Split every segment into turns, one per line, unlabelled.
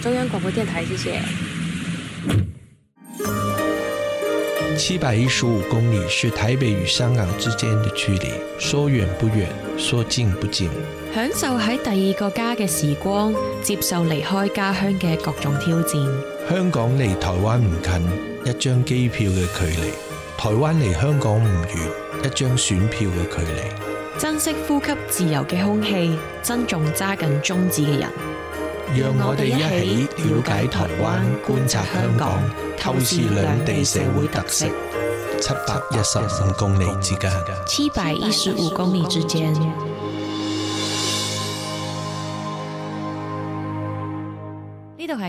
中央廣播電台，謝
謝。七百一十五公里是台北與香港之間的距離，說遠不遠，說近不近。
享受喺第二個家嘅時光，接受離開家鄉嘅各種挑戰。
香港離台灣唔近，一張機票嘅距離；台灣離香港唔遠，一張選票嘅距離。
珍惜呼吸自由嘅空氣，珍重揸緊宗旨嘅人。
讓我哋一起了解台灣，觀察香港，透視兩地社會特色，七百一十五公里之間。
七百一十五公里之間。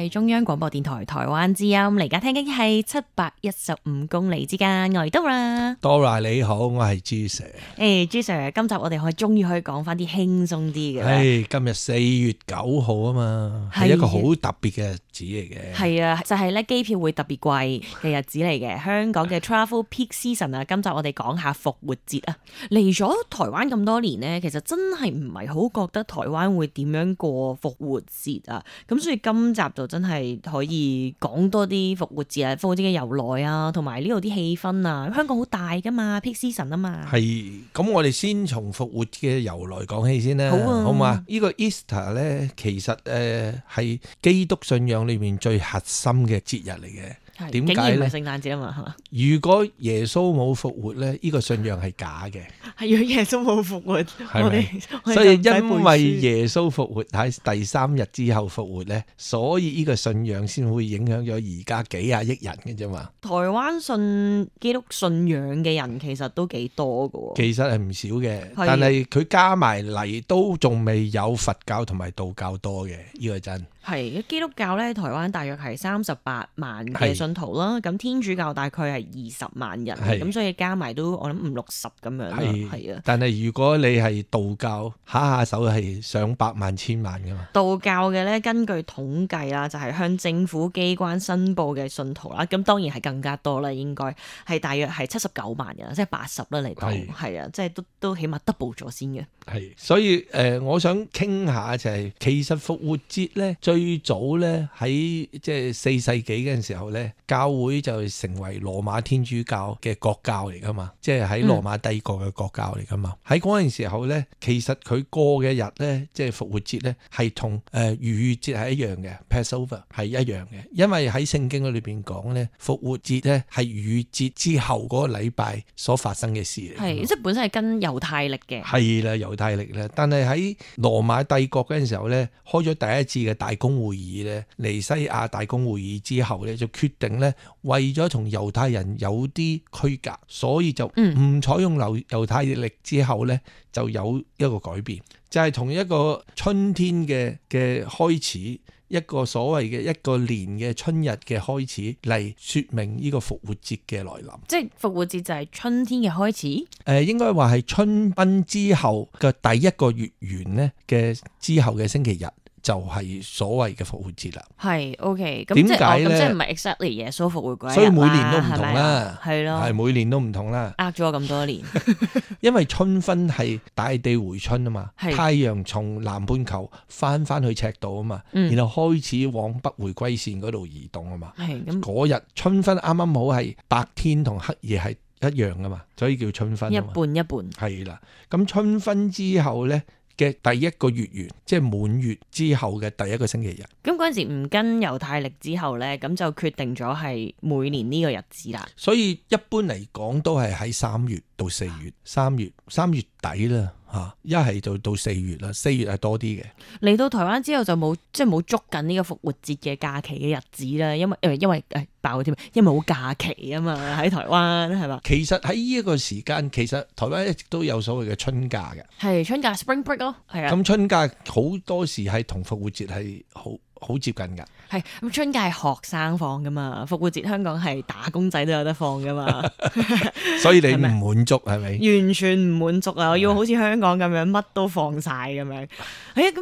係中央廣播電台臺灣之音嚟，家聽緊係七百一十五公里之間，愛多啦
，Dora 你好，我係朱 Sir。
誒，朱 Sir，今集我哋可以終於可以講翻啲輕鬆啲嘅啦。
誒，今日四月九號啊嘛，係一個好特別嘅。子嚟嘅，係
啊，就係咧機票會特別貴嘅日子嚟嘅。香港嘅 Travel Peak Season 啊，今集我哋講下復活節啊。嚟咗台灣咁多年咧，其實真係唔係好覺得台灣會點樣過復活節啊。咁所以今集就真係可以講多啲復活節啊，復活節嘅由來啊，同埋呢度啲氣氛啊。香港好大㗎嘛 Peak Season 啊嘛。係
咁我哋先從復活嘅由來講起先啦，好、啊、好嘛？呢、呢個 Easter 咧，其實誒係基督信仰。裏面最核心嘅節日嚟嘅，
點解咧？唔係聖誕節啊嘛，
如果耶穌冇復活咧，呢 個信仰係假嘅。
係耶穌冇復活，係咪？所以因為耶
穌復活喺第三日之後復活咧，所以呢個信仰先會影響咗而家幾廿億人嘅啫嘛。
台灣信基督信仰嘅人其實都幾多噶，其
實係唔少嘅，的但係佢加埋嚟都仲未有佛教同埋道教多嘅，呢、這個真。
係基督教咧，台灣大約係三十八萬嘅信徒啦。咁是天主教大概係二十萬人，咁是所以加埋都我諗五六十咁樣係啊。是的
但係如果你係道教，下下手係上百萬、千萬㗎嘛。
道教嘅咧，根據統計啦，就係向政府機關申報嘅信徒啦。咁當然係更加多啦，應該係大約係七十九萬人，即係八十啦嚟到係啊，即係都都起碼 double 咗先嘅。係，
所以誒、呃，我想傾下就係、是，其實復活節咧。最早咧喺即係四世紀陣時候咧，教會就成為羅馬天主教嘅國教嚟噶嘛，即係喺羅馬帝國嘅國教嚟噶嘛。喺嗰陣時候咧，其實佢過嘅日咧，即係復活節咧，係同誒逾越節係一樣嘅，Passover 係一樣嘅。因為喺聖經裏邊講咧，復活節咧係逾節之後個禮拜所發生嘅事嚟。
係即係本身係跟猶太曆嘅。係
啦，猶太曆咧，但係喺羅馬帝國陣時候咧，開咗第一次嘅大公會議咧，尼西亞大公會議之後咧，就決定咧，為咗同猶太人有啲區隔，所以就唔採用猶猶太嘅曆之後咧，就有一個改變，就係、是、從一個春天嘅嘅開始，一個所謂嘅一個年嘅春日嘅開始嚟説明呢個復活節嘅來臨。
即係復活節就係春天嘅開始？
誒，應該話係春分之後嘅第一個月圓咧嘅之後嘅星期日。就係所謂嘅復活節啦，
係 OK。點解咧？哦、即係唔係 exactly 耶穌復回歸，所以每年都唔同啦，係咯，係
每年都唔同啦。
呃咗我咁多年，
因為春分係大地回春啊嘛，是太陽從南半球翻翻去赤道啊嘛，嗯、然後開始往北回歸線嗰度移動啊嘛，係咁，嗰日春分啱啱好係白天同黑夜係一樣噶嘛，所以叫春分。一半一半，係啦。咁春分之後咧？嘅第一個月圓，即係滿月之後嘅第一個星期日。
咁嗰陣時唔跟猶太曆之後呢，咁就決定咗係每年呢個日子啦。
所以一般嚟講都係喺三月到四月，三月、啊、三月底啦。嚇！一係就到四月啦，四月係多啲嘅。
嚟到台灣之後就冇，即係冇捉緊呢個復活節嘅假期嘅日子啦，因為誒，因為誒爆添，因為冇假期啊嘛，喺台灣係嘛。
其實喺呢一個時間，其實台灣一直都有所謂嘅春假嘅。
係春假，Spring Break 咯，係啊。咁
春假好多時係同復活節係好好接近㗎。
係咁，春假係學生放噶嘛？復活節香港係打工仔都有得放噶嘛？
所以你唔滿足係咪？ 嗎
完全唔滿足啊！嗎我要好似香港咁樣，乜都放晒咁樣。係、哎、啊，咁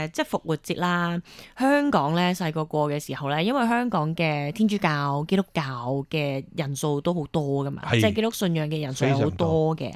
咩誒？即係復活節啦。香港咧細個過嘅時候咧，因為香港嘅天主教、基督教嘅人數都好多噶嘛，是即係基督信仰嘅人數係好多嘅。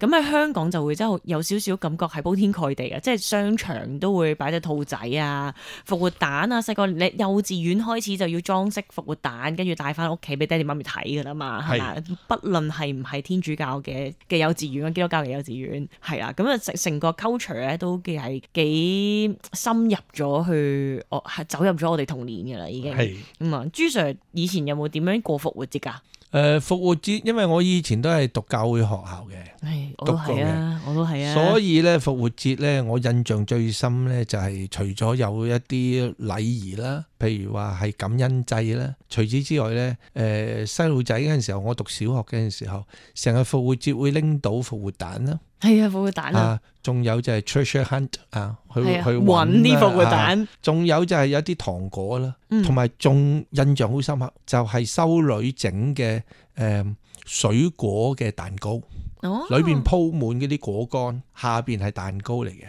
咁喺香港就會即係有少少感覺係鋪天蓋地啊！即係商場都會擺隻兔仔啊、復活蛋啊。細個你幼稚園開始就要裝飾復活蛋，跟住帶翻屋企俾爹哋媽咪睇噶啦嘛，係不論係唔係天主教嘅嘅幼稚園、基督教嘅幼稚園，係啦，咁啊成成個 culture 咧都係幾深入咗去，我係走入咗我哋童年噶啦，已經咁啊係、嗯，朱 sir 以前有冇點樣過復活節啊？
誒、呃，復活節，因為我以前都係讀教會學校
嘅，係我都係啊，啊，我都係啊，所以
咧復活節咧，我印象最深咧就係除咗有一啲禮儀啦。譬如話係感恩祭啦。除此之外咧，誒、呃、細路仔嗰陣時候，我讀小學嗰陣時候，成日復活節會拎到復活蛋啦，
係啊，復活蛋啊，
仲有就係 treasure hunt 啊，去的去揾找啲復活蛋，仲、啊、有就係有啲糖果啦，同埋仲印象好深刻，就係、是、修女整嘅誒水果嘅蛋糕，裏邊、哦、鋪滿嗰啲果乾，下邊係蛋糕嚟嘅，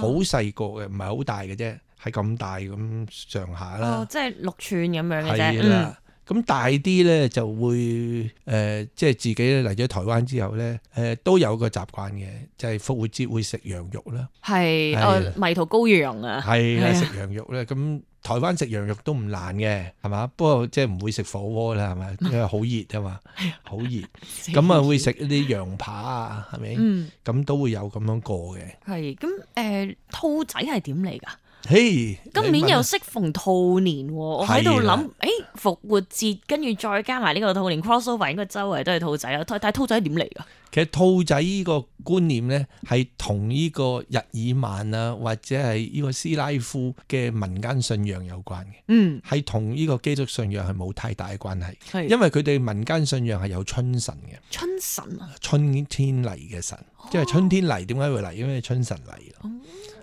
好細個嘅，唔係好大嘅啫。係咁大咁上下啦，
即係六寸咁樣嘅啫。
咁大啲咧，就會誒，即係自己咧嚟咗台灣之後咧，誒都有個習慣嘅，就係復活節會食羊肉啦。
係迷途羔羊啊！係啦，食
羊肉咧，咁台灣食羊肉都唔難嘅，係嘛？不過即係唔會食火鍋啦，係咪？因為好熱啊嘛，好熱，咁啊會食啲羊扒啊，係咪？咁都會有咁樣過嘅。
係咁誒，兔仔係點嚟㗎？
嘿，hey, 今年又適
逢兔年，我喺度諗，的誒復活節跟住再加埋呢個兔年 crossover，應該周圍都係兔仔咯。但係兔仔點嚟噶其
實兔仔呢個觀念咧，係同呢個日耳曼啊或者係呢個斯拉夫嘅民間信仰有關嘅。嗯，係同呢個基督信仰係冇太大嘅關係，是因為佢哋民間信仰係有春神嘅，春神啊，春天嚟嘅神，哦、即係春天嚟，點解會嚟？因為春神嚟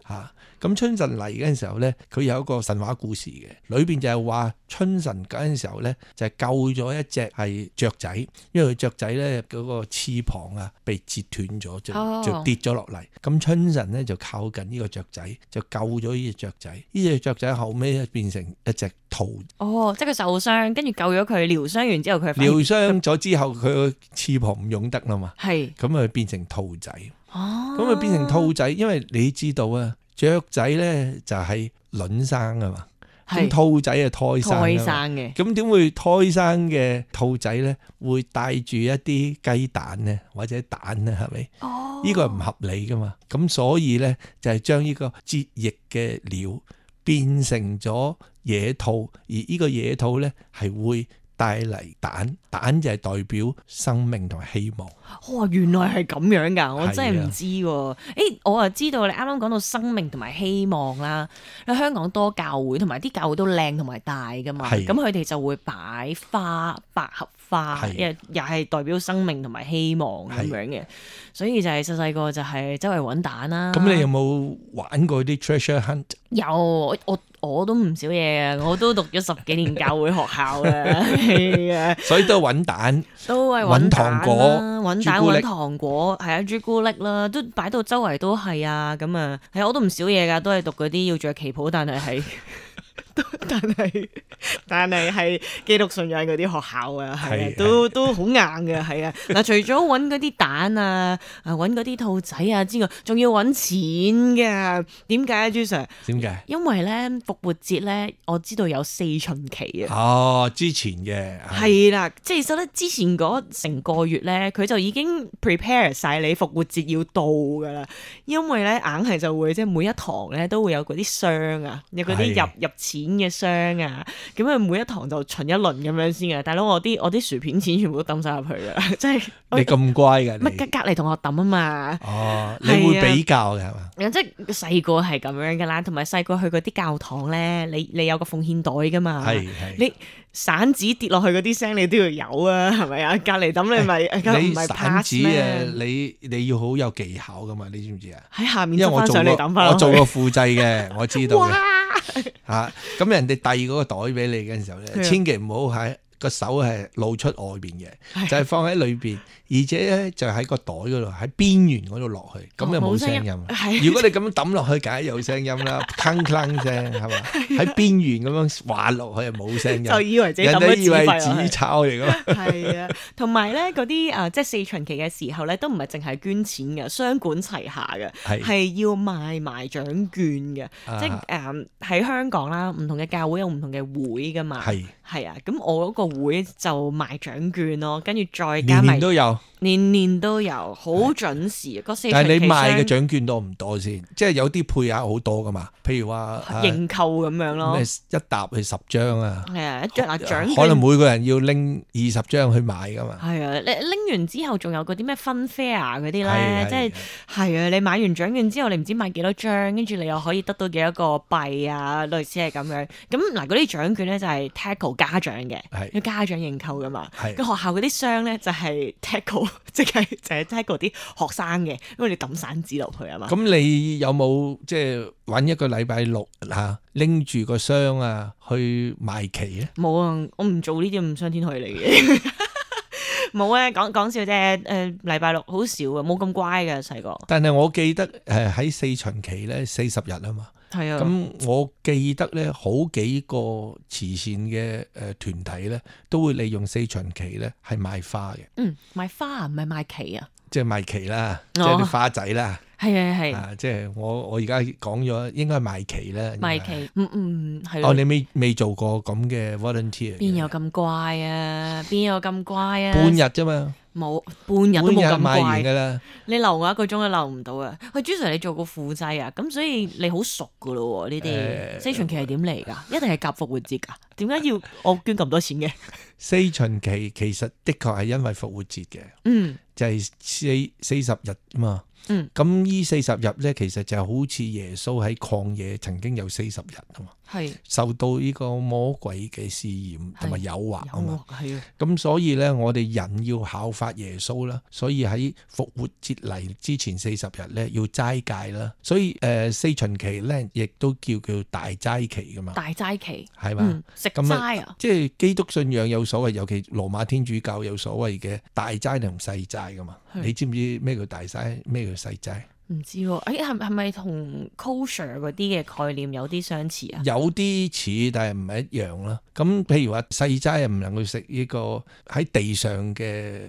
嚇，咁、啊、春神嚟嗰陣時候咧，佢有一個神話故事嘅，裏邊就係話春神嗰陣時候咧，就係、救咗一隻係雀仔，因為佢雀仔咧嗰個翅膀啊被折斷咗，就就跌咗落嚟。咁、哦、春神咧就靠近呢個雀仔，就救咗呢隻雀仔。呢隻雀仔後尾變成一隻兔。
哦，即係佢受傷，跟住救咗佢，療傷完之後佢。療
傷咗之後，佢個翅膀唔用得啦嘛。係是。咁佢變成兔仔。哦。咁啊，變成兔仔，因為你知道啊，雀仔咧就係卵生啊嘛。咁是兔仔係胎胎生嘅，咁點會胎生嘅兔仔咧會帶住一啲雞蛋咧或者蛋咧係咪？哦，呢個唔合理噶嘛。咁所以咧就係將呢個折翼嘅鳥變成咗野兔，而呢個野兔咧係會。帶嚟蛋，蛋就係代表生命同埋希望。
哇、哦，原來係咁樣㗎，我真係唔知喎。誒的、欸，我啊知道你啱啱講到生命同埋希望啦。喺香港多教會，同埋啲教會都靚同埋大㗎嘛。咁佢哋就會擺花百合。花亦係代表生命同埋希望咁的樣嘅，所以就係細細個就係周圍搵蛋啦、啊。咁你有
冇玩過啲 treasure hunt？
有，我我都唔少嘢噶，我都讀咗十幾年教會學校
啦， 所以都搵蛋，都係搵、啊、糖果、搵蛋、搵糖
果，係啊，朱古力啦，都擺到周圍都係啊，咁啊，係我都唔少嘢噶，都係讀嗰啲要着旗袍，但係喺。 但係但係係基督信仰嗰啲學校啊，係啊，是的 都都好硬嘅，係啊。嗱， 除咗搵嗰啲蛋啊，啊搵嗰啲兔仔啊之外，仲要搵錢嘅。點解啊，朱 Sir？點解？因為咧復活節咧，我知道有四旬期
啊。哦，之前嘅係
啦，即係其實咧，之前嗰成個月咧，佢就已經 prepare 晒你復活節要到噶啦。因為咧，硬係就會即係每一堂咧都會有嗰啲箱啊，有嗰啲入入錢。的的片嘅箱啊，咁佢每一堂就巡一輪咁樣先嘅。大佬，我啲我啲薯片錢全部都抌晒入去啦，即係你
咁乖嘅乜？
隔隔籬同學抌啊嘛。哦，
你會比較嘅係
嘛？即係細個係咁樣嘅啦，同埋細個去嗰啲教堂咧，你你有個奉獻袋噶嘛？係係。你散紙跌落去嗰啲聲你都要有啊，係咪啊？隔籬抌你咪，咁唔係 pass 咩？你散紙啊，
你你要好有技巧噶嘛？你知唔知啊？喺下面裝翻上嚟抌翻。因為我做過，我做過輔祭嘅，我知道。哇！吓～咁人哋遞嗰個袋俾你嘅時候咧，的千祈唔好喺，個手係露出外邊嘅，就係放喺裏邊，而且咧就喺個袋嗰度，喺邊緣嗰度落去，咁又冇聲音。如果你咁抌落去，梗係有聲音啦，坑坑聲係嘛？喺邊緣咁樣滑落去，係冇聲音。就以為自己人哋以為紙鈔嚟㗎。係啊，
同埋咧嗰啲啊，即係四旬期嘅時候咧，都唔係淨係捐錢㗎，雙管齊下㗎，係要賣埋獎券嘅，即係誒喺香港啦，唔同嘅教會有唔同嘅會㗎嘛，係係啊，咁我嗰會就賣獎券咯，跟住再加埋年年都有，年年都有，好準時。個但係你賣嘅
獎券多唔多先？即係有啲配額好多噶嘛？譬如話認
購咁樣咯，一
沓係十張啊，係啊，一
張啊獎可能每
個人要拎二十張去買噶嘛？
係啊，你拎完之後仲有嗰啲咩 fun fair 啊嗰啲咧，即係，係啊！你買完獎券之後，你唔知買幾多張，跟住你又可以得到幾多個幣啊，類似係咁樣。咁嗱，嗰啲獎券咧就係 Tackle 家長嘅，家長認購噶嘛？個的學校嗰啲箱咧就係 take o e 即係就係 take o e 啲學生嘅，因為你抌散紙落去啊嘛。咁
你有冇即係搵一個禮拜六吓拎住個箱啊去賣旗咧？
冇啊，我唔做呢啲咁傷天害理嘅。冇 啊，講講笑啫。誒、呃，禮拜六好少嘅，冇咁乖嘅細個。
但係我記得誒喺、呃、四旬期咧，四十日啊嘛。係啊，咁我記得咧，好幾個慈善嘅誒團體咧，都會利用四旬期咧係賣花嘅。嗯，
賣花啊，唔係賣旗啊。
即係賣旗啦，哦、即係啲花仔啦。係啊係。啊，即係我我而家講咗，應該係賣旗啦。
賣旗，嗯吧嗯，係、嗯。
哦，你未未做過咁嘅 volunteer？邊
有咁乖啊？邊有咁乖啊？半日啫嘛。冇半日都冇咁怪嘅啦，你留我一個鐘都留唔到嘅。朱 Sir，你做過副劑啊，咁所以你好熟嘅咯喎，呢啲、欸、四旬期係點嚟㗎？ 一定係夾復活節㗎，點解要我捐咁多
錢嘅？ 四旬期其實的確係因為復活節嘅，嗯，就係四四十日啊嘛。嗯，咁呢四十日咧，其實就好似耶穌喺曠野曾經有四十日啊嘛，係是受到呢個魔鬼嘅試驗同埋誘惑啊嘛，係啊吧，咁的所以咧，我哋人要效法耶穌啦，所以喺復活節嚟之前四十日咧，要齋戒啦，所以誒、呃、四旬期咧，亦都叫叫大齋期噶嘛，大
齋期係嘛，食齋啊，嗯、
即係基督信仰有所謂，尤其羅馬天主教有所謂嘅大齋同細齋噶嘛，你知唔知咩叫大齋？咩叫？的細
齋唔知誒、啊，係係咪同 kosher 嗰啲嘅概念有啲相似啊？
有啲似，但係唔係一樣啦。咁譬如話細齋又唔能夠食呢個喺地上嘅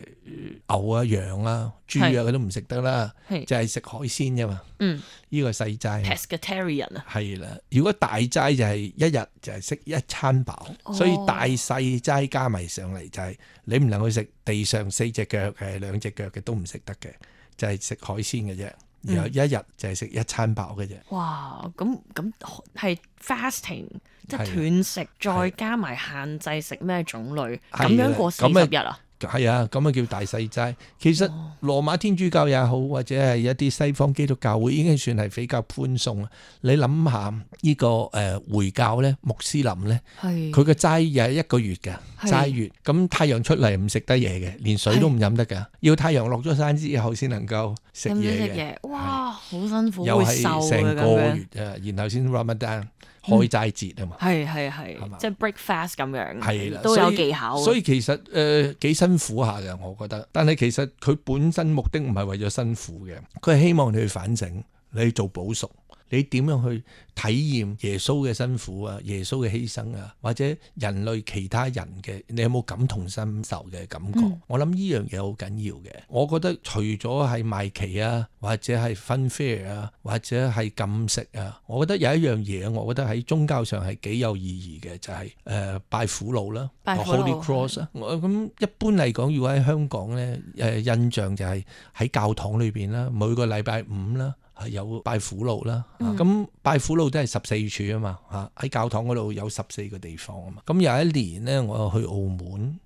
牛啊、羊啊、豬啊，佢是都唔食得啦。就係食海鮮嘅嘛。嗯，呢個細齋。
pescatarian 啊。
係啦，如果大齋就係一日就係食一餐飽，哦、所以大細齋加埋上嚟就係你唔能夠食地上四隻腳、係兩隻腳嘅都唔食得嘅。就係食海鮮嘅啫，然後一日就係食一餐飽嘅啫。
哇！咁咁係 fasting，即斷食，的再加埋限制食咩種類，咁的樣過四十日啊！
係啊，咁啊叫大細齋。其實羅馬天主教也好，或者係一啲西方基督教會已經算係比較寬鬆。你諗下呢個誒回教咧，穆斯林咧，佢嘅是齋又係一個月嘅是齋月。咁太陽出嚟唔食得嘢嘅，連水都唔飲得嘅，是要太陽落咗山之後先能夠食嘢嘅。嘢哇，
好辛苦，會瘦嘅咁樣。又係成個
月啊，然後先 Ramadan。開齋節啊嘛，係
係係，即係 breakfast 咁樣，係啦的，都有技巧。所以，所以其
實誒幾、呃、辛苦下嘅，我覺得。但係其實佢本身目的唔係為咗辛苦嘅，佢係希望你去反省，你去做補贖。你點樣去體驗耶穌嘅辛苦啊、耶穌嘅犧牲啊，或者人類其他人嘅？你有冇感同身受嘅感覺？嗯、我諗呢樣嘢好緊要嘅。我覺得除咗係賣旗啊，或者係 fun fair 啊，或者係禁食啊，我覺得有一樣嘢，我覺得喺宗教上係幾有意義嘅，就係、是、誒、呃、拜苦路啦，Holy Cross 啦、啊。的我咁一般嚟講，如果喺香港咧，誒印象就係喺教堂裏邊啦，每個禮拜五啦。係有拜苦路啦，咁拜苦路都係十四處啊嘛，嚇喺教堂嗰度有十四個地方啊嘛，咁有一年咧，我去澳門，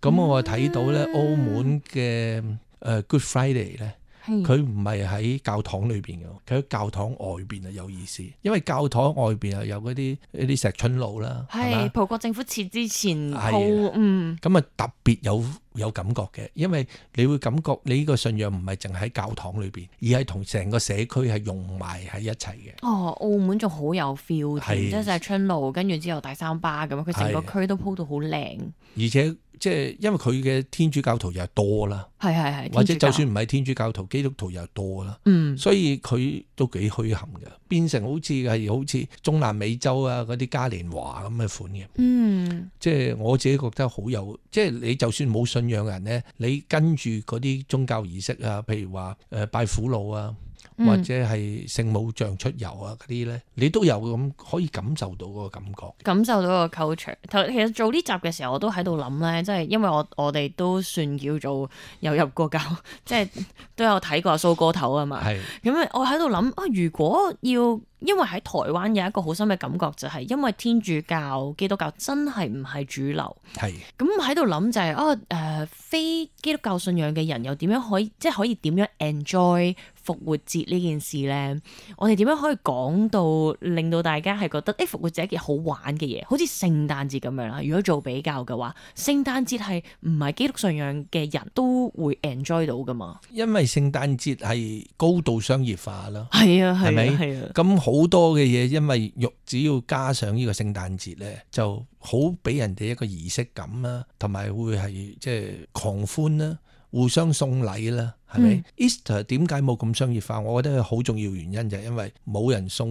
咁我睇到咧澳門嘅誒 Good Friday 咧。佢唔係喺教堂裏邊嘅，佢喺教堂外邊啊，有意思，因為教堂外邊啊有嗰啲嗰啲石春路啦，係葡、
哎、吧國政府設之前鋪，的嗯，
咁啊特別有有感覺嘅，因為你會感覺你呢個信仰唔係淨喺教堂裏邊，而係同成個社區係融埋喺一齊
嘅。哦，澳門仲好有 feel，的即係石春路，跟住之後大三巴咁，佢成個區都鋪到好靚，
而且。即係因為佢嘅天主教徒又係多啦，
係係係，或者就算
唔係天主教徒，基督徒又係多啦，嗯，所以佢都幾墟冚嘅，變成好似係好似中南美洲啊嗰啲嘉年華咁嘅款嘅，嗯，即係我自己覺得好有，即係你就算冇信仰嘅人咧，你跟住嗰啲宗教儀式啊，譬如話誒拜苦路啊。嗯、或者係聖母像出遊啊嗰啲咧，你都有咁可以感受到嗰個感覺，
感受到個 culture。其實做呢集嘅時候，我都喺度諗咧，即係因為我我哋都算叫做有入過教， 即係都有睇過蘇哥頭啊嘛。咁 吧我喺度諗啊，如果要。因為喺台灣有一個好深嘅感覺，就係因為天主教、基督教真係唔係主流。係咁喺度諗就係啊誒，非基督教信仰嘅人又點樣可以即係可以點樣 enjoy 復活節呢件事咧？我哋點樣可以講到令到大家係覺得誒復活節一件好玩嘅嘢？好似聖誕節咁樣啦。如果做比較嘅話，聖誕節係唔係基督教信仰嘅人都會 enjoy 到㗎嘛？
因為聖誕節係高度商業化啦。係啊，係咪係啊？咁吧好多嘅嘢，因為肉只要加上呢個聖誕節咧，就好俾人哋一個儀式感啦，同埋會係即係狂歡啦，互相送禮啦。係咪、嗯、Easter 點解冇咁商業化？我覺得好重要原因就係因為冇人送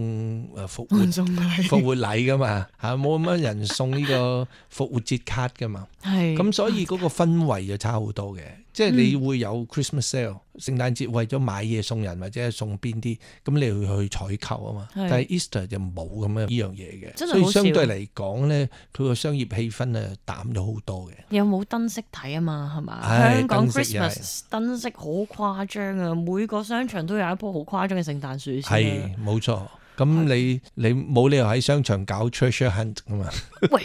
誒復，復活禮，復活禮噶嘛嚇，冇乜人送呢個復活節卡噶嘛，係咁是所以嗰個氛圍就差好多嘅，嗯、即係你會有 Christmas sale 聖誕節為咗買嘢送人或者送邊啲，咁你要去採購啊嘛，是但係 Easter 就冇咁樣呢樣嘢嘅，是所以相對嚟講咧，佢個商業氣氛啊淡咗好多嘅。
有冇燈飾睇啊嘛？係嘛？香港 Christmas 是燈飾好。誇張啊！每個商場都有一棵好誇張嘅聖誕樹先啦。係，
冇錯。咁你是的 你冇理由喺商場搞 treasure hunt 噶嘛？
喂，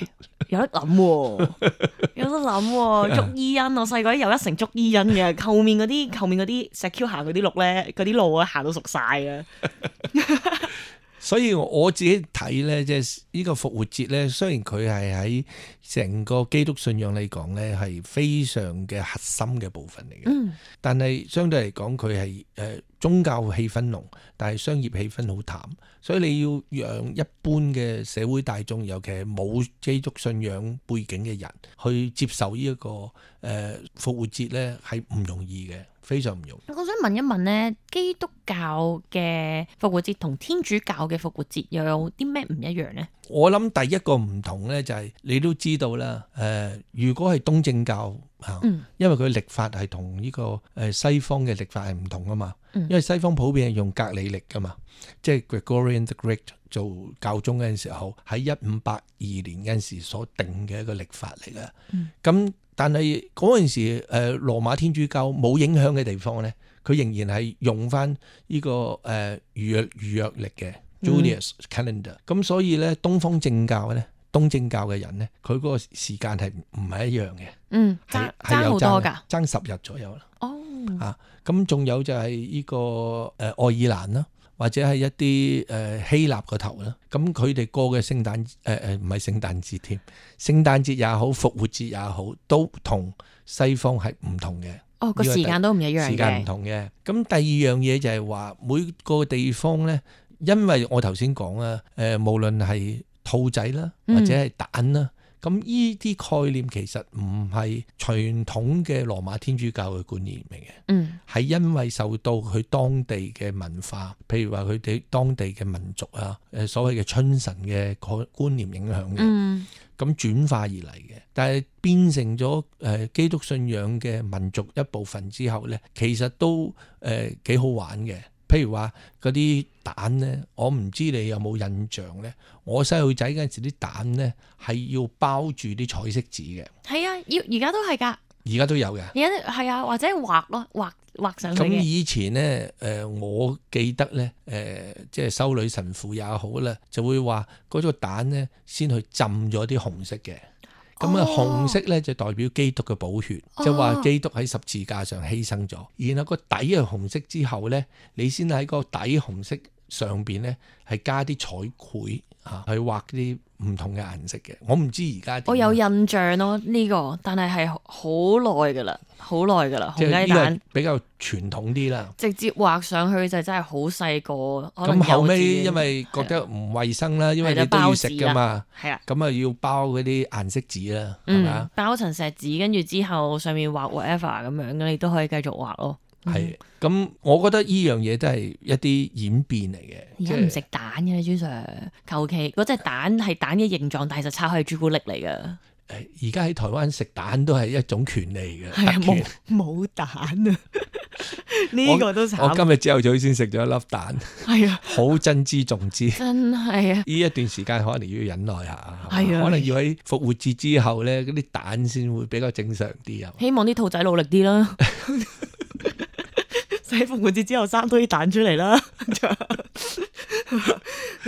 有得諗啊，有得諗啊。 捉伊恩，我細個有一成捉伊恩嘅。後面嗰啲， 後面嗰啲石橋行嗰啲路咧，嗰啲路啊，行到熟晒啊。
所以我自己睇呢，即係呢個復活節呢，雖然佢係喺成個基督信仰嚟講呢係非常嘅核心嘅部分嚟嘅、嗯呃。但係相對嚟講，佢係誒宗教氣氛濃，但係商業氣氛好淡。所以你要讓一般嘅社會大眾，尤其係冇基督信仰背景嘅人，去接受呢、這、一個誒、呃、復活節呢係唔容易嘅。非常唔容
易。我想問一問呢，基督教嘅復活節同天主教嘅復活節又有啲咩唔一樣呢？
我諗第一個唔同咧就係、是、你都知道啦，誒、呃，如果係東正教嚇，啊嗯、因為佢嘅曆法係同呢個誒西方嘅曆法係唔同啊嘛，嗯、因為西方普遍係用格里曆噶嘛，即係 Gregorian the Great 做教宗嗰陣時候喺一五八二年嗰陣時所定嘅一個曆法嚟嘅，咁、嗯。嗯。但係嗰陣時，誒羅馬天主教冇影響嘅地方咧，佢仍然係用翻呢個誒預約預約曆嘅 Julius Calendar。咁、嗯、所以咧，東方正教咧，東正教嘅人咧，佢嗰個時間係唔係一樣嘅？嗯，
爭好多㗎，
爭十日左右啦。哦，啊，咁仲有就係呢、呢個誒愛、呃、爾蘭啦。或者係一啲誒希臘個頭啦，咁佢哋過嘅聖誕誒誒唔係聖誕節添，聖誕節也好，復活節也好，都同西方係唔同嘅。哦，個時間都唔一樣嘅。時間唔同嘅。咁第二樣嘢就係話每個地方咧，因為我頭先講啊，誒、呃、無論係兔仔啦，或者係蛋啦。嗯咁呢啲概念其實唔係傳統嘅羅馬天主教嘅觀念嚟嘅，嗯，係因為受到佢當地嘅文化，譬如話佢哋當地嘅民族啊，誒所謂嘅春神嘅觀觀念影響嘅，咁轉、嗯、化而嚟嘅，但係變成咗誒基督信仰嘅民族一部分之後呢，其實都誒幾好玩嘅。譬如話嗰啲蛋咧，我唔知你有冇印象咧。我細路仔嗰陣時啲蛋咧係要包住啲彩色紙嘅。
係啊，要而家都係㗎。而家都有嘅。而家都係啊，或者畫咯，畫畫上嚟。咁以
前咧，誒，我記得咧，誒、呃，即係修女神父也好啦，就會話嗰個蛋咧先去浸咗啲紅色嘅。咁啊，紅色咧就代表基督嘅寶血，哦、即係話基督喺十字架上犧牲咗。哦、然後個底係紅色之後咧，你先喺個底紅色上邊咧，係加啲彩繪。吓，去畫啲唔同嘅顏色嘅，我唔知而家點。我
有印象咯，呢、這個，但係係好耐噶啦，好耐噶啦，紅雞蛋
比較傳統啲啦。
直接畫上去就真係好細個。咁後尾因為
覺得唔衛生啦，的因為你都要食噶嘛，係啊，咁啊要包嗰啲顏色紙啦，係咪啊？吧
包層錫紙，跟住之後上面畫 whatever 咁樣，你都可以繼續畫咯。係
咁，我覺得呢樣嘢都係一啲演變嚟嘅。而家唔食
蛋嘅啦，朱 Sir，求其嗰隻蛋係蛋嘅形狀，但係其實拆開係朱古力嚟嘅。誒，
而家喺台灣食蛋都係一種權利嘅。係
冇蛋啊？呢個都慘。我今日
朝頭早先食咗一粒蛋，係啊，好珍之重之，
真係啊！呢
一段時間可能要忍耐下，係啊，可能要喺復活節之後咧，嗰啲蛋先會比較正常啲啊。
希望啲兔仔努力啲啦。喺復活節之後生堆蛋出嚟啦， 就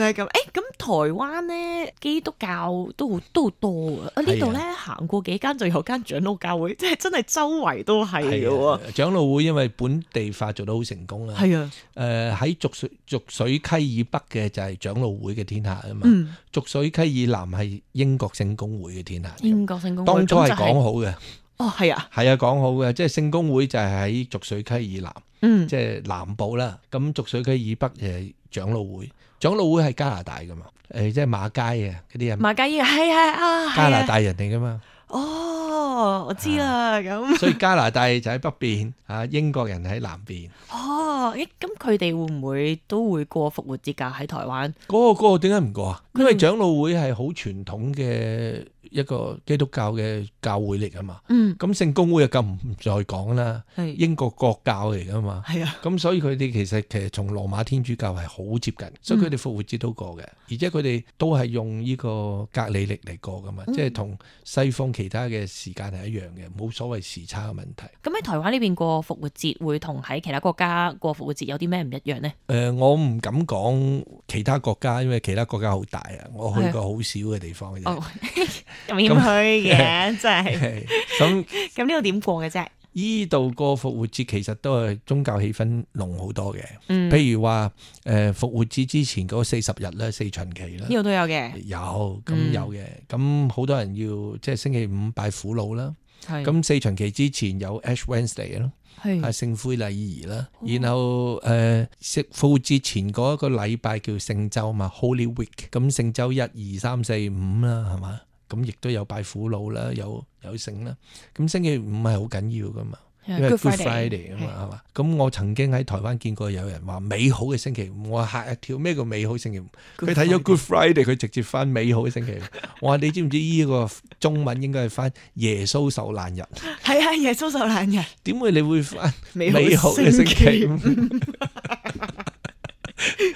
係咁。誒、欸，咁台灣咧基督教都好都好多啊！啊啊呢度咧行過幾間就有間長老教會，即係真係周圍都係嘅、啊。
長老、啊、會因為本地化做得好成功啦。係啊，誒喺濁水濁水溪以北嘅就係長老會嘅天下啊嘛。嗯，濁水溪以南係英國聖公會嘅天下。英
國聖公會當初係講好
嘅。就是哦，係啊，係啊，講好嘅，即係聖公會就係喺濁水溪以南，嗯、即係南部啦。咁濁水溪以北就係長老會，長老會係加拿大噶嘛？誒，即係馬街嘅嗰啲人，馬
街係係啊，啊啊加拿大人嚟噶嘛？哦，我知啦，咁、啊嗯、所以加拿大
就喺北邊，啊，英國人喺南邊。
哦，誒，咁佢哋會唔會都會過復活節噶？喺台灣嗰、嗰個嗰、嗰個點解唔
過啊？嗯、因為長老會係好傳統嘅。一個基督教嘅教會嚟噶嘛，咁、嗯、聖公會又咁唔再講啦，是英國國教嚟噶嘛，咁、啊嗯、所以佢哋其實其實從羅馬天主教係好接近，所以佢哋復活節都過嘅，而且佢哋都係用呢個格里歷嚟過噶嘛，嗯、即係同西方其他嘅時間係一樣嘅，冇所謂時差嘅問題。
咁喺、嗯、台灣呢邊過復活節會同喺其他國家過復活節有啲咩唔一樣呢？
誒、呃，我唔敢講其他國家，因為其他國家好大啊，我去過好少嘅地方嘅。的
咁虛嘅，去嗯、真係咁咁呢度點過嘅啫？
依度過復活節其實都係宗教氣氛濃好多嘅。譬、嗯、如話誒、呃、復活節之前嗰四十日咧，四旬期啦，呢度都有嘅。有咁有嘅，咁好、嗯、多人要即係星期五拜苦老啦。咁是四旬期之前有 Ash Wednesday 啦是，係、啊、聖灰禮儀啦。哦、然後誒、呃、復活節前嗰一個禮拜叫聖週嘛，Holy Week。咁聖週一、二、三、四、五啦，係嘛？咁亦都有拜苦老啦，有有聖啦。咁星期五係好緊要噶嘛？因為 Good Friday 啊嘛，係嘛？咁我曾經喺台灣見過有人話美好嘅星期五，我嚇一跳，咩叫美好星期五？佢睇咗 Good Friday，佢直接翻「美好嘅星期五」。我話你知唔知呢個中文應該係翻耶穌受難日？
係啊，耶穌受難日。
點會你會翻
美好嘅星期五？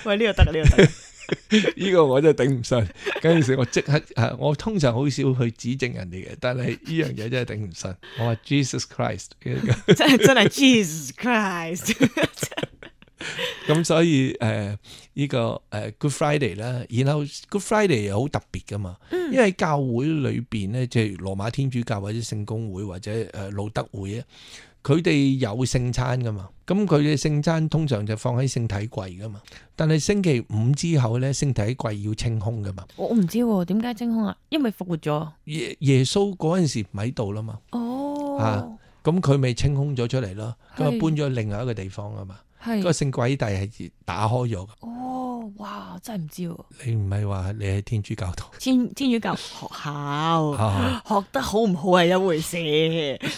喂，呢個得，呢個得。
呢 個我真係頂唔順，跟住時我即刻，我通常好少去指正人哋嘅，但係呢樣嘢真係頂唔順。我話 Jesus Christ、這個、 真係真係 Jesus
Christ 。
咁 所以誒，呢、呃這個誒、呃、Good Friday 啦。然後 Good Friday 又好特別噶嘛，嗯、因為教會裏邊咧，即係羅馬天主教或者聖公會或者誒路、呃、德會啊。佢哋有聖餐噶嘛？咁佢哋聖餐通常就放喺聖體櫃噶嘛。但係星期五之後咧，聖體櫃要清空噶嘛？
我唔知喎、啊，點解清空啊？因為復活咗。
耶耶穌嗰陣時咪喺度啦嘛？哦。啊，咁佢咪清空咗出嚟咯。佢是搬咗另外一個地方啊嘛。係是。個聖櫃底係打開咗。是哦。
哇，我真係唔知。
你唔係話你喺天主教堂，
天天主教學校 學得好唔好係一回事，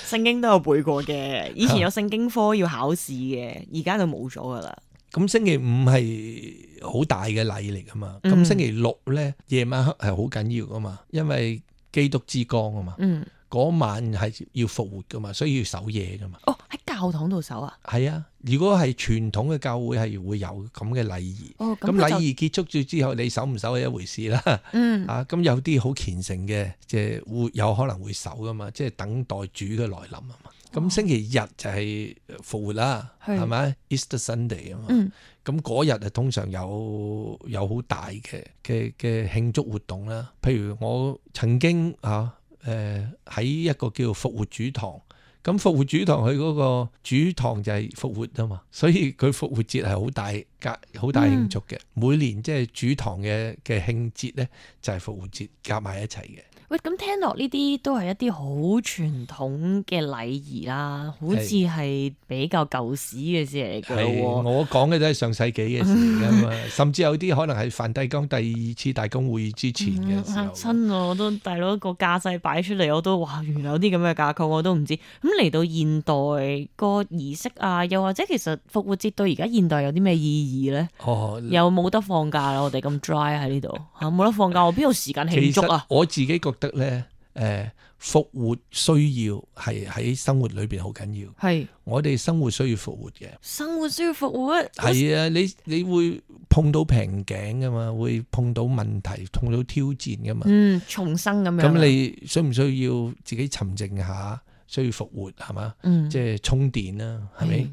聖 經都有背過嘅，以前有聖經科要考試嘅，而家就冇咗噶啦。
咁星期五係好大嘅禮嚟噶嘛？咁、嗯、星期六咧夜晚黑，係好緊要噶嘛？因為基督之光啊嘛，嗯，嗰晚係要復活噶嘛，所以要守夜噶嘛。哦，
喺教堂度守啊？
係啊。如果係傳統嘅教會係會有咁嘅禮儀，
咁、哦、禮儀
結束咗之後，你守唔守係一回事啦。啊、嗯，咁 有啲好虔誠嘅，即係會有可能會守噶嘛，即、就、係、是、等待主嘅來臨啊嘛。咁、哦、星期日就係復活啦，係咪 Easter Sunday 啊嘛、嗯。咁嗰日啊，通常有有好大嘅嘅嘅慶祝活動啦。譬如我曾經啊，誒、呃、喺一個叫復活主堂。咁復活主堂佢嗰個主堂就係復活啊嘛，所以佢復活節係好大格好大慶祝嘅，每年即係主堂嘅嘅慶節咧，就係復活節夾埋一齊嘅。
喂，咁聽落呢啲都係一啲好傳統嘅禮儀啦，好似係比較舊時嘅事嚟㗎。係，
我講嘅都係上世紀嘅事嚟㗎嘛，甚至有啲可能係梵蒂岡第二次大公會議之前
嘅時候。啊、嗯，我都大佬個架勢擺出嚟，我都話，原來有啲咁嘅架構，我都唔知。咁嚟到現代個儀式啊，又或者其實復活節到而家現代有啲咩意義咧？哦，又冇得放假啦，我哋咁 dry 喺呢度嚇，冇、啊、得放假，我邊度時間慶祝啊？其實
我自己個。得咧，誒、呃、復活需要係喺生活裏邊好緊要。係，我哋生活需要復活嘅。
生活需要復活。係
啊，你你會碰到瓶頸噶嘛，會碰到問題，碰到挑戰噶嘛。嗯，
重生咁樣。咁你
需唔需要自己沉靜下？需要復活係嘛？嗯，即係充電啊，係咪？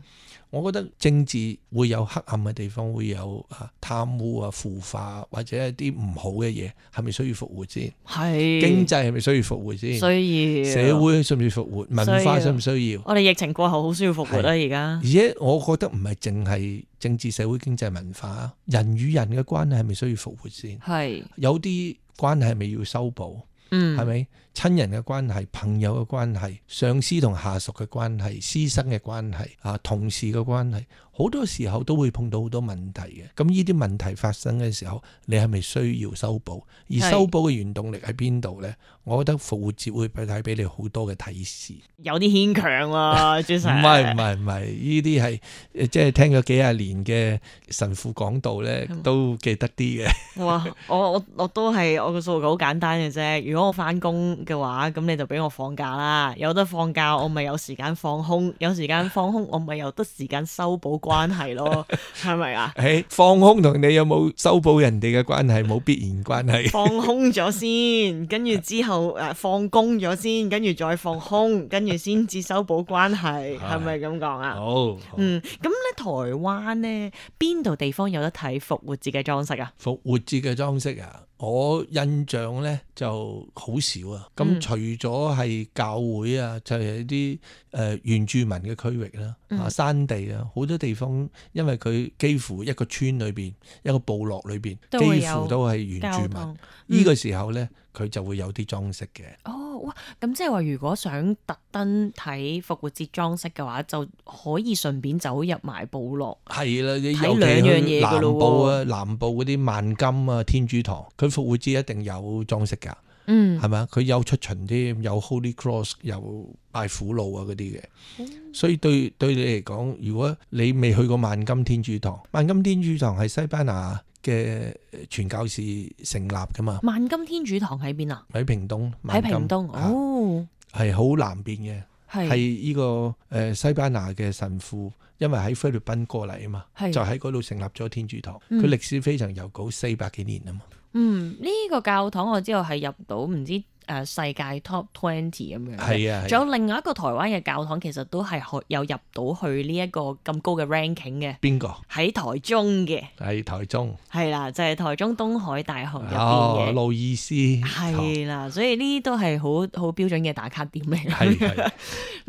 我覺得政治會有黑暗嘅地方，會有啊貪污啊腐化或者一啲唔好嘅嘢，係咪需要復活先？係是經濟係咪需要復活先？需要社會是是需唔要復活？文化需唔需要？是是需要
我哋疫情過後好需要復活啦，而家。而
且我覺得唔係淨係政治、社會、經濟、文化，人與人嘅關係係咪需要復活先？
係是
有啲關係係咪要修補？
嗯，係咪？
親人嘅關係、朋友嘅關係、上司同下屬嘅關係、師生嘅關係、啊同事嘅關係，好多時候都會碰到好多問題嘅。咁呢啲問題發生嘅時候，你係咪需要修補？而修補嘅原動力喺邊度呢？我覺得復活節會帶俾你好多嘅提示。
有啲牽強啦，朱 Sir。唔係唔
係唔係，呢啲係即係聽咗幾廿年嘅神父講道呢， 都記得啲嘅
我我我我都係我嘅訴求好簡單嘅啫。如果我翻工。嘅話，咁你就俾我放假啦。有得放假，我咪有時間放空。有時間放空，我咪有得時間修補關係咯。係咪 啊？誒，hey,
放空同你有冇修補人哋嘅關係冇必然關係、 啊。放
空咗先，跟住之後誒放工咗先，跟住再放空，跟住先至修補關係，係咪咁講啊 好？好。嗯，咁咧台灣咧邊度地方有得睇復活節嘅裝飾啊？復活節嘅裝飾啊？
我印象咧就好少啊，咁、嗯、除咗係教會啊，就係啲誒原住民嘅區域啦、啊，啊、嗯、山地啊，好多地方，因為佢幾乎一個村裏邊一個部落裏邊會幾乎都係原住民，呢堂個時候咧。佢就會有啲裝飾嘅。
哦，哇！咁即係話，如果想特登睇復活節裝飾嘅話，就可以順便走入埋部落。係
啦，你有兩樣嘢南部啊，南部嗰啲萬金啊，天主堂，佢復活節一定有裝飾㗎。嗯，係咪啊？佢有出巡添，有 Holy Cross，有拜苦路啊嗰啲嘅。嗯、所以對對你嚟講，如果你未去過萬金天主堂，萬金天主堂係西班牙嘅傳教士成立㗎嘛？
萬金天主堂喺邊啊？
喺屏東，喺屏東
哦，
係好、啊、南邊嘅，係呢是個誒西班牙嘅神父，因為喺菲律賓過嚟啊嘛，是就喺嗰度成立咗天主堂，佢歷、嗯、史非常悠久，四百幾年啊嘛。嗯，
呢、這個教堂我知道係入到，唔知。誒世界 top twenty 咁樣，係啊是，仲有另外一個台灣嘅教堂，其實都係有入到去呢一個咁高嘅 ranking 嘅。邊個誰？喺台中嘅。
喺台中。
係啦，就係、是、台中東海大學入邊嘅、哦、
路易斯。係、
哦、啦，所以呢啲都係好好標準嘅打卡點嚟。係係是。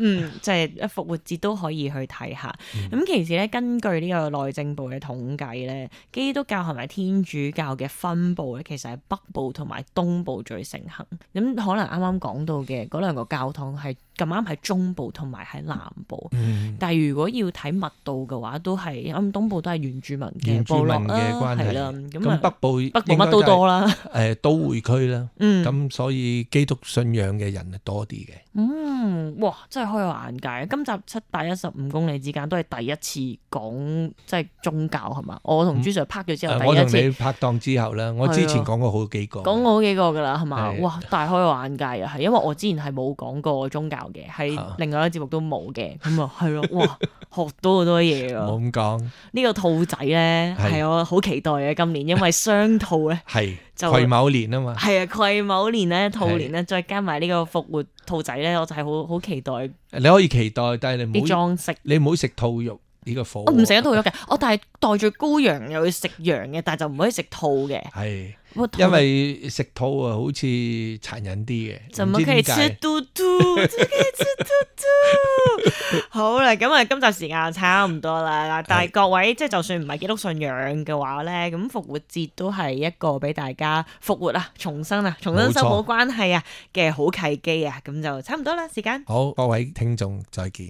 嗯，就係、是、復活節都可以去睇下。咁、嗯、其實咧，根據呢個內政部嘅統計咧，基督教同埋天主教嘅分佈咧，其實係北部同埋東部最盛行。咁可能啱啱講到嘅嗰兩個教堂係咁啱喺中部同埋喺南部，嗯、但係如果要睇密度嘅話，都係啱東部都係原住民嘅部落，原住民關係啊，係啦。咁、嗯、北部、就是、北部乜都多啦。誒、就
是呃、都會區啦，咁、嗯、所以基督信仰嘅人係多啲嘅。
嗯，哇，真係開開眼界。今集七大一十五公里之間都係第一次講、嗯、即係宗教係嘛？我同朱 Sir 拍咗之後第一次、嗯，我同你
拍檔之後咧，我之前講過好幾個，講、嗯、過好幾個噶啦係嘛？哇，
大開！開眼界啊，係因為我之前係冇講過宗教嘅，係另外一節目都冇嘅，咁啊係咯，哇，學到好多嘢啊！唔好咁講呢個兔仔咧，係是我好期待嘅今年，因為雙兔咧係癸卯年啊嘛，係啊癸卯年咧兔年咧，是再加埋呢個復活兔仔咧，我就係好好期待。
你可以期待，但係你唔好食，飾你唔好食兔肉。呢個貨，我唔
食得兔肉嘅，我但係帶住羔羊，又去食羊嘅，但係就唔可以食兔嘅。係，因為
食兔啊，好似殘忍啲嘅。就唔可以吃嘟嘟，
唔可以吃嘟嘟。好啦，咁啊，今集時間差唔多啦。嗱，但係各位即係就算唔係基督信仰嘅話咧，咁復活節都係一個俾大家復活啊、重生啊、重新修補關係啊嘅好契機啊。咁就差唔多啦，時間。
好，各位聽眾再見。